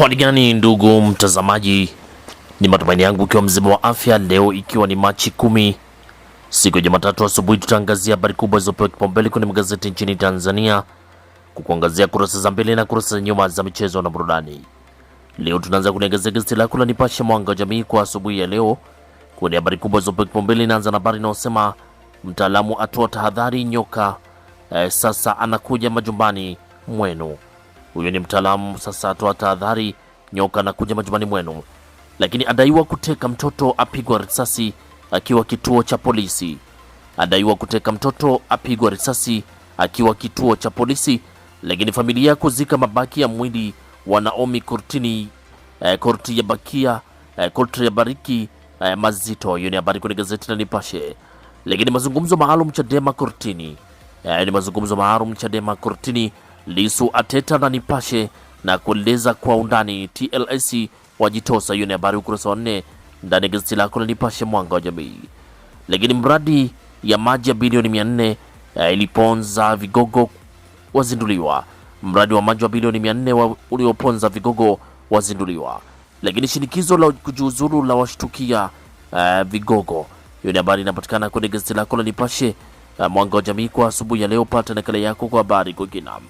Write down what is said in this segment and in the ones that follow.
Hali gani ndugu mtazamaji, ni matumaini yangu ukiwa mzima wa afya. Leo ikiwa ni Machi kumi, siku ya Jumatatu asubuhi, tutaangazia habari kubwa zilizopewa kipaumbele kwenye magazeti nchini Tanzania, kukuangazia kurasa za mbele na kurasa za nyuma za michezo na burudani. Leo tunaanza kuliangazia gazeti lako la Nipashe Mwanga wa Jamii kwa asubuhi ya leo kwenye habari kubwa zilizopewa kipaumbele. Inaanza na habari inayosema mtaalamu atoa tahadhari nyoka, eh, sasa anakuja majumbani mwenu huyo ni mtaalamu sasa atoa tahadhari, nyoka na kuja majumbani mwenu. Lakini adaiwa kuteka mtoto apigwa risasi akiwa kituo cha polisi. Adaiwa kuteka mtoto apigwa risasi akiwa kituo cha polisi. Lakini familia kuzika mabaki ya mwili wa Naomi kurtini eh, korti ya bakia eh, korti ya bariki eh, mazito. Hiyo ni habari kwenye gazeti la Nipashe. Lakini mazungumzo maalum Chadema kurtini eh, ni mazungumzo maalum Chadema Kortini Lisu, Ateta na Nipashe na kueleza kwa undani. TLIC wajitosa. Hiyo ni habari ukurasa wa nne ndani ya gazeti lako la Nipashe mwanga wa jamii. Lakini mradi ya maji ya bilioni 400 eh, iliponza vigogo wazinduliwa. Mradi wa maji wa bilioni 400 ulioponza vigogo wazinduliwa. Lakini shinikizo la kujiuzuru la washtukia uh, vigogo. Hiyo ni habari inapatikana kwenye gazeti lako la Nipashe uh, mwanga wa jamii kwa asubuhi ya leo. Pata nakala yako kwa habari kwa kinamu.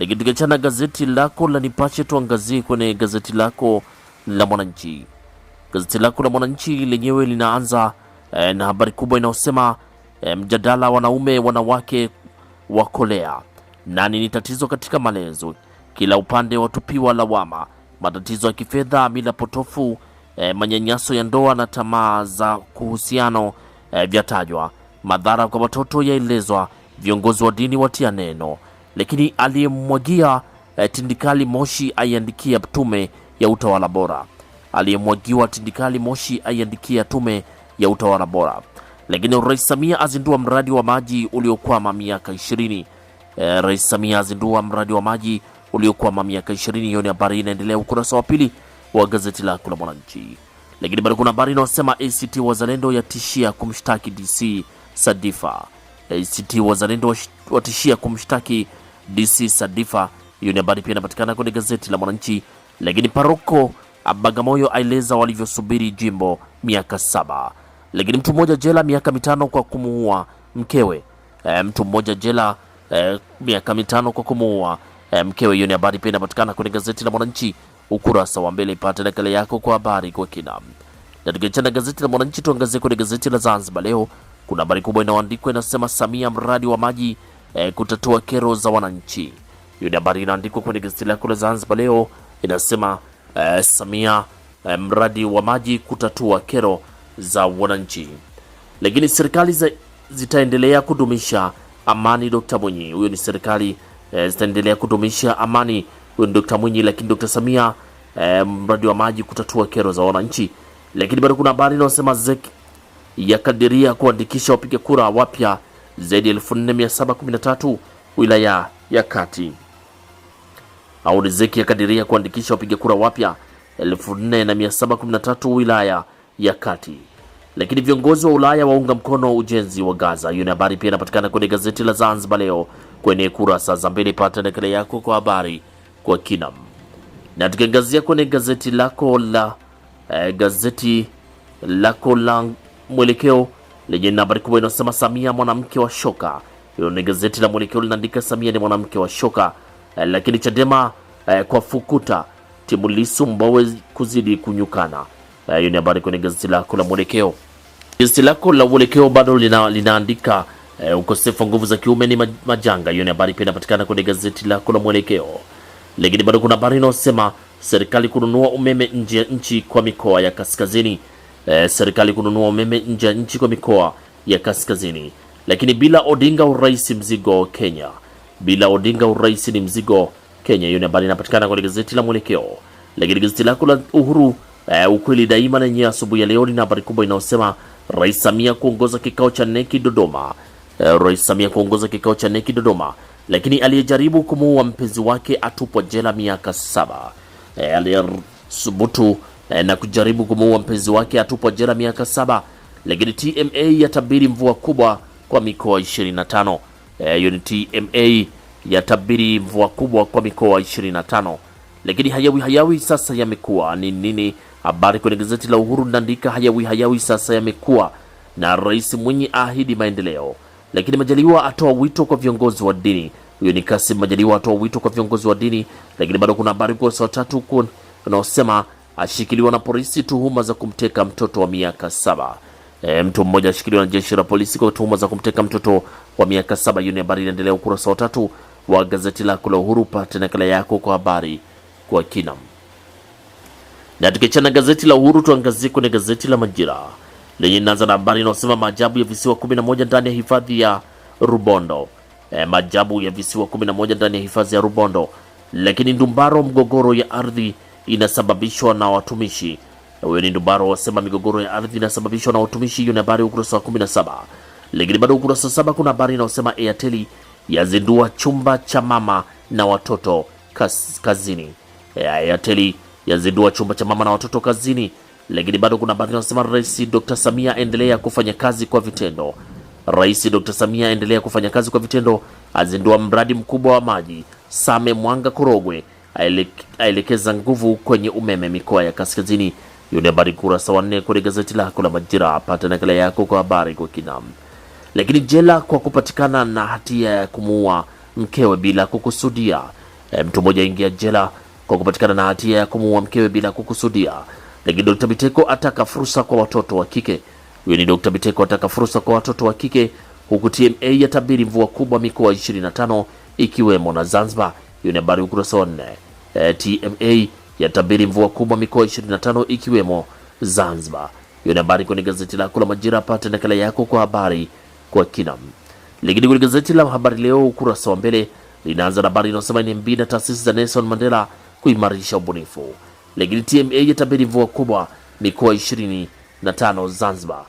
Lakini tukiachana gazeti lako la Nipashe, tuangazie kwenye gazeti lako la Mwananchi. Gazeti lako la Mwananchi lenyewe linaanza eh, na habari kubwa inayosema eh, mjadala wanaume wanawake wakolea, nani ni tatizo katika malezo kila upande watupiwa lawama, matatizo ya kifedha, mila potofu eh, manyanyaso ya ndoa na tamaa za kuhusiano eh, vyatajwa, madhara kwa watoto yaelezwa, viongozi wa dini watia neno lakini aliyemwagia eh, tindikali moshi aiandikia tume ya utawala bora. Aliyemwagiwa tindikali moshi aiandikia tume ya utawala bora. Lakini Rais Samia azindua mradi wa maji uliokwama miaka 20. Eh, Rais Samia azindua mradi wa maji uliokwama miaka 20. Hiyo ni habari inaendelea ukurasa wa pili wa gazeti lako la Mwananchi. Lakini bado kuna habari inayosema ACT Wazalendo yatishia kumshtaki DC Sadifa. ACT Wazalendo watishia kumshtaki DC Sadifa. Hiyo ni habari pia inapatikana kwenye gazeti la Mwananchi. Lakini paroko Abagamoyo aeleza walivyosubiri jimbo miaka saba. Lakini mtu mmoja jela miaka mitano kwa kumuua mkewe. E, mtu mmoja jela e, miaka mitano kwa kumuua e, mkewe. Hiyo ni habari pia inapatikana kwenye gazeti la Mwananchi ukurasa wa mbele. Ipate nakala yako kwa habari kwa kina. Na tukiachana gazeti la Mwananchi, tuangazie kwenye gazeti la Zanzibar Leo. Kuna habari kubwa inayoandikwa inasema, Samia mradi wa maji eh, kutatua kero za wananchi. Hiyo ni habari inaandikwa kwenye gazeti lako la Zanzibar Leo, inasema eh, Samia eh, mradi wa maji kutatua kero za wananchi. Lakini serikali zitaendelea kudumisha amani, Dr. Mwinyi. Huyo ni serikali eh, zitaendelea kudumisha amani, huyo ni Dr. Mwinyi. Lakini Dr. Samia eh, mradi wa maji kutatua kero za wananchi. Lakini bado kuna habari inayosema ZEC yakadiria kuandikisha wapiga kura wapya zaidi ya 4713 wilaya ya kati. Aurizeki akadiria kuandikisha wapiga kura wapya 4713 wilaya ya kati. Lakini viongozi wa Ulaya waunga mkono ujenzi wa Gaza. Hiyo ni habari pia inapatikana kwenye gazeti la Zanzibar Leo kwenye kurasa za mbele. Pata nakala yako kwa habari kwa kina, Na tukiangazia kwenye gazeti lako la eh, gazeti lako la mwelekeo lenye nambari kubwa inasema Samia mwanamke wa shoka. Hilo ni gazeti la Mwelekeo linaandika Samia ni mwanamke wa shoka. Eh, Lakini Chadema eh, kwa fukuta timu Lisu Mbowe kuzidi kunyukana. Eh, hiyo ni habari kwenye gazeti lako la Mwelekeo. Gazeti lako la Mwelekeo bado lina, linaandika eh, ukosefu wa nguvu za kiume ni majanga. Hiyo ni habari pia inapatikana kwenye gazeti lako la Mwelekeo. Lakini bado kuna habari inayosema serikali kununua umeme nje ya nchi kwa mikoa ya kaskazini e, serikali kununua umeme nje ya nchi kwa mikoa ya kaskazini. Lakini bila Odinga urais mzigo Kenya, bila Odinga urais ni mzigo Kenya. Hiyo ni habari inapatikana kwenye gazeti la Mwelekeo. Lakini gazeti lako la Uhuru e, ukweli daima lenye asubuhi ya leo lina habari kubwa inayosema Rais Samia kuongoza kikao cha neki Dodoma. E, Rais Samia kuongoza kikao cha neki Dodoma. Lakini aliyejaribu kumuua mpenzi wake atupwa jela miaka saba. E, aliyesubutu Eh, na kujaribu kumuua mpenzi wake atupwa jela miaka saba, lakini TMA yatabiri mvua kubwa kwa mikoa 25. Eh, hiyo e, ni TMA yatabiri mvua kubwa kwa mikoa 25. Lakini hayawi hayawi sasa yamekuwa ni nini? Habari kwenye gazeti la Uhuru linaandika hayawi hayawi sasa yamekuwa, na Rais Mwinyi ahidi maendeleo. Lakini Majaliwa atoa wito kwa viongozi wa dini. Huyo ni Kasim Majaliwa atoa wito kwa viongozi wa dini, lakini bado kuna habari kwa saa tatu kunaosema ashikiliwa na polisi tuhuma za kumteka mtoto wa miaka saba. E, mtu mmoja ashikiliwa na jeshi la polisi kwa tuhuma za kumteka mtoto wa miaka saba. Hiyo ni habari inaendelea ukurasa wa tatu wa gazeti lako la Uhuru. Pata nakala yako kwa habari kwa kina. Na tukichana gazeti la Uhuru, tuangazie kwenye gazeti la Majira lenye inaanza na habari inayosema maajabu ya visiwa 11 ndani ya hifadhi ya Rubondo. E, maajabu ya visiwa 11 ndani ya hifadhi ya Rubondo. Lakini Ndumbaro, mgogoro ya ardhi inasababishwa na watumishi. ni Ndubaro wasema migogoro ya ardhi inasababishwa na watumishi. Hiyo ni habari ya ukurasa wa 17, lakini bado ukurasa wa saba kuna habari inayosema Airtel yazindua chumba cha mama na watoto kazini. Eh, Airtel yazindua chumba cha mama na watoto kazini, lakini bado kuna habari inayosema Rais Dr. Samia endelea kufanya kazi kwa vitendo. Rais Dr. Samia endelea kufanya kazi kwa vitendo, azindua mradi mkubwa wa maji Same Mwanga Korogwe aelekeza nguvu kwenye umeme mikoa ya kaskazini. Hiyo ni habari kurasa wa nne kwenye gazeti lako la Majira. Pata nakala yako kwa habari kwa kina. Lakini jela kwa kupatikana na hatia ya kumuua mkewe bila kukusudia. E, mtu mmoja aingia jela kwa kupatikana na hatia ya kumuua mkewe bila kukusudia. Lakini Dr. Biteko ataka fursa kwa watoto wa kike. Huyo ni Dr. Biteko ataka fursa kwa watoto wa kike huku TMA yatabiri mvua kubwa mikoa 25 ikiwemo na Zanzibar. Hiyo ni habari ukurasa wa nne. E, eh, TMA yatabiri mvua kubwa mikoa 25 ikiwemo Zanzibar. Hiyo ni habari kwenye gazeti lako la Majira. Pata nakala yako kwa habari kwa kina. Lakini kwenye gazeti la Habari Leo ukurasa wa mbele linaanza na habari inayosema NMB na taasisi za Nelson Mandela kuimarisha ubunifu. Lakini TMA yatabiri mvua kubwa mikoa 25 Zanzibar.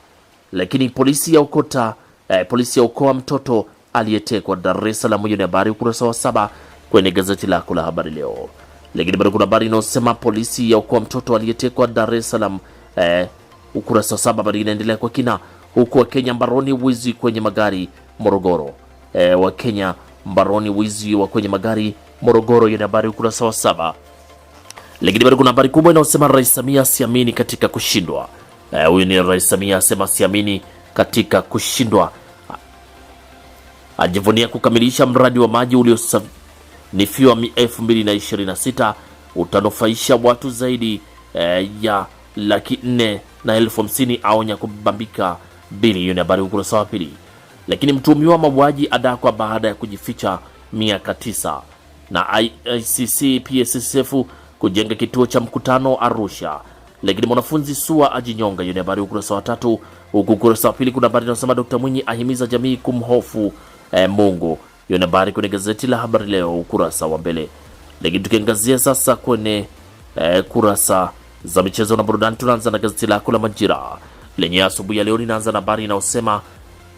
Lakini polisi ya ukota eh, polisi ya ukoa mtoto aliyetekwa Dar es Salaam. Hiyo ni habari ukurasa wa saba kwenye gazeti lako la habari leo. Lakini bado kuna habari inayosema polisi ya yaokoa mtoto aliyetekwa Dar es Salaam. Eh, ukurasa wa saba bado inaendelea kwa kina, huku Wakenya mbaroni wizi kwenye magari Morogoro. Eh, Wakenya mbaroni wizi wa kwenye magari Morogoro yenye habari ukurasa wa saba. Lakini bado kuna habari kubwa inayosema Rais Samia siamini katika kushindwa. Eh, huyu eh, ni Rais Samia asema siamini katika kushindwa, ajivunia kukamilisha mradi wa maji uliosafiri ni FYUAM 2026 utanufaisha watu zaidi eh, ya laki nne na elfu hamsini aonya kubambika bilioni. Habari ukurasa wa pili. Lakini mtuhumiwa mauaji adakwa baada ya kujificha miaka tisa, na ICC PSSF kujenga kituo cha mkutano Arusha. Lakini mwanafunzi SUA ajinyonga. Hiyo ni habari ukurasa wa tatu, huku ukurasa wa pili kuna habari inayosema Mwinyi ahimiza jamii kumhofu eh, Mungu. Hiyo ni habari kwenye gazeti la Habari Leo ukurasa wa mbele. Lakini tukiangazia sasa kwenye eh, kurasa za michezo na burudani, tunaanza na gazeti lako la Majira lenye asubuhi ya leo linaanza na habari inayosema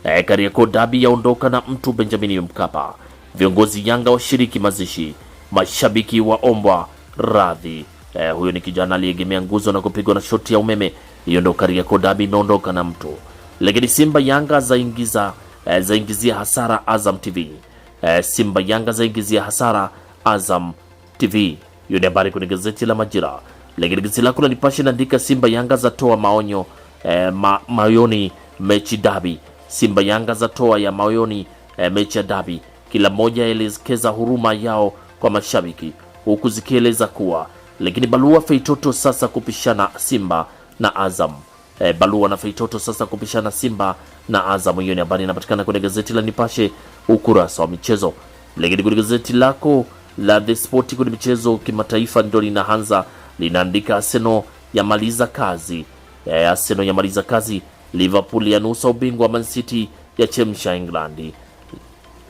eh, Kariakoo dabi yaondoka na mtu Benjamin Mkapa, viongozi Yanga washiriki mazishi, mashabiki wa ombwa radhi. Eh, huyo ni kijana aliyegemea nguzo na kupigwa na shoti ya umeme. Hiyo ndio Kariakoo dabi inaondoka na mtu. Lakini Simba Yanga zaingiza eh, zaingizia hasara Azam TV. Eh, Simba Yanga zaingizia hasara Azam TV. Hiyo ni habari kwenye gazeti la Majira, lakini gazeti lako la Nipashe inaandika Simba Yanga zatoa maonyo e, ma, mayoni mechi dabi. Simba Yanga zatoa ya mayoni e, eh, mechi ya dabi, kila mmoja aelekeza huruma yao kwa mashabiki huku zikieleza kuwa lakini Balua Feitoto sasa kupishana Simba na Azam. E, Balua na Feitoto sasa kupishana Simba na Azam. Hiyo ni habari inapatikana kwenye gazeti la Nipashe ukurasa wa michezo. Lakini kwenye gazeti lako la The Sport kwenye michezo kimataifa ndio linaanza linaandika Arsenal yamaliza kazi. E, Arsenal yamaliza kazi, Liverpool yanusa ubingwa, Man City ya chemsha England.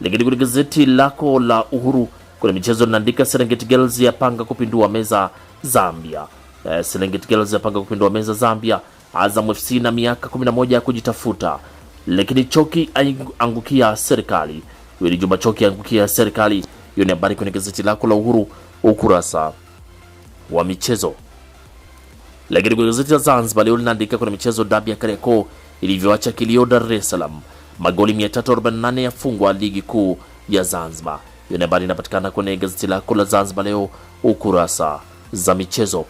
Lakini kwenye gazeti lako la Uhuru kwenye michezo linaandika Serengeti Girls yapanga kupindua meza Zambia. E, Serengeti Girls yapanga kupindua meza Zambia. Azam FC na miaka 11 ya kujitafuta lakini choki angukia serikali. Huyo ni Juma Choki angukia serikali. Hiyo ni habari kwenye gazeti lako la Uhuru ukurasa wa michezo. Lakini kwenye gazeti la Zanzibar leo linaandika kwenye michezo, dabi ya Kariakoo ilivyoacha kilio Dar es Salaam, magoli 348 yafungwa ligi kuu ya Zanzibar. Hiyo ni habari inapatikana kwenye gazeti lako la Zanzibar leo ukurasa za michezo.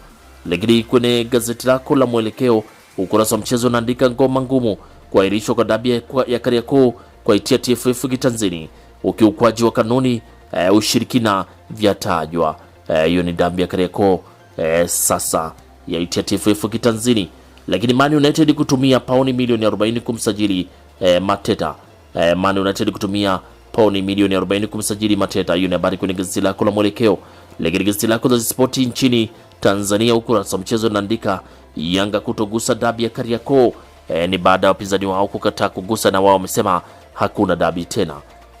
Lakini kwenye gazeti lako la Mwelekeo ukurasa wa mchezo unaandika ngoma ngumu kuahirishwa kwa dabi ya Kariakoo kwaitia TFF kitanzini, ukiukwaji wa kanuni e, ushirikina vyatajwa. Eh, hiyo e, ni dabi ya Kariakoo e, sasa ya yaitia TFF kitanzini. Lakini Man United kutumia pauni milioni 40 kumsajili e, Mateta. E, Man United kutumia pauni milioni 40 kumsajili Mateta. Hiyo ni habari kwenye gazeti lako la Mwelekeo. Lakini gazeti lako la Spoti nchini Tanzania, ukurasa wa mchezo inaandika Yanga kutogusa dabi ya Kariakoo e, ni baada ya wapinzani wao kukataa kugusa na wao wamesema hakuna dabi tena.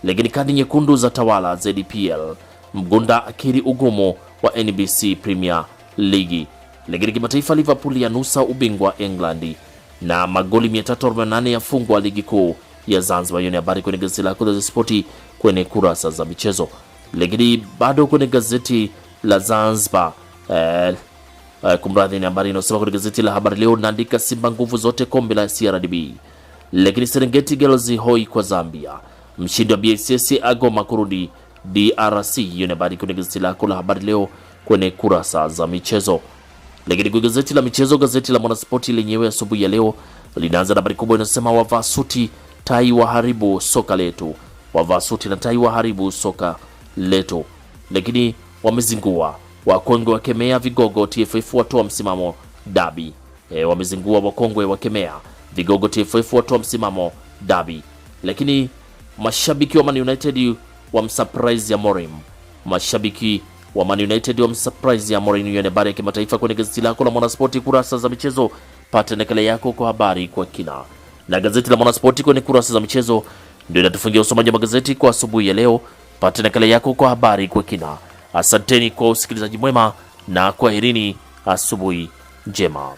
Lakini kadi nyekundu za tawala ZPL, Mgunda akiri ugumu wa NBC Premier League. Lakini kimataifa, Liverpool nusa ubingwa England na magoli 348 yafungwa ligi kuu ya Zanzibar. Hiyo ni habari kwenye gazeti lako la Sporti kwenye kurasa za michezo. Lakini bado kwenye gazeti la Zanzibar eh, Uh, kumradhi, ni habari inayosema kwenye gazeti la Habari Leo linaandika Simba nguvu zote kombe la CRDB, lakini Serengeti Girls hoi kwa Zambia, mshindi wa BSS agoma kurudi DRC. Hiyo ni habari kwenye gazeti lako la Habari Leo kwenye kurasa za michezo. Lakini kwa gazeti la michezo, gazeti la Mwanaspoti lenyewe asubuhi ya leo linaanza na habari kubwa inasema wavaa suti tai waharibu soka letu, wavaa suti na tai waharibu soka letu, lakini wamezingua Wakongwe wakemea vigogo TFF watoa msimamo dabi. E, wamezingua wakongwe wakemea vigogo TFF watoa msimamo dabi. Lakini mashabiki wa Man United wa ya Morim, Mashabiki wa Man United wa wamsurprise Amorim. Hiyo ni habari ya kimataifa kwenye gazeti lako la Mwanaspoti kurasa za michezo. Pata nakala yako kwa habari kwa kina. Na gazeti la Mwanaspoti kwenye kurasa za michezo ndio inatufungia usomaji wa magazeti kwa asubuhi ya leo. Pata nakala yako kwa habari kwa kina. Asanteni kwa usikilizaji mwema na kwaherini, asubuhi njema.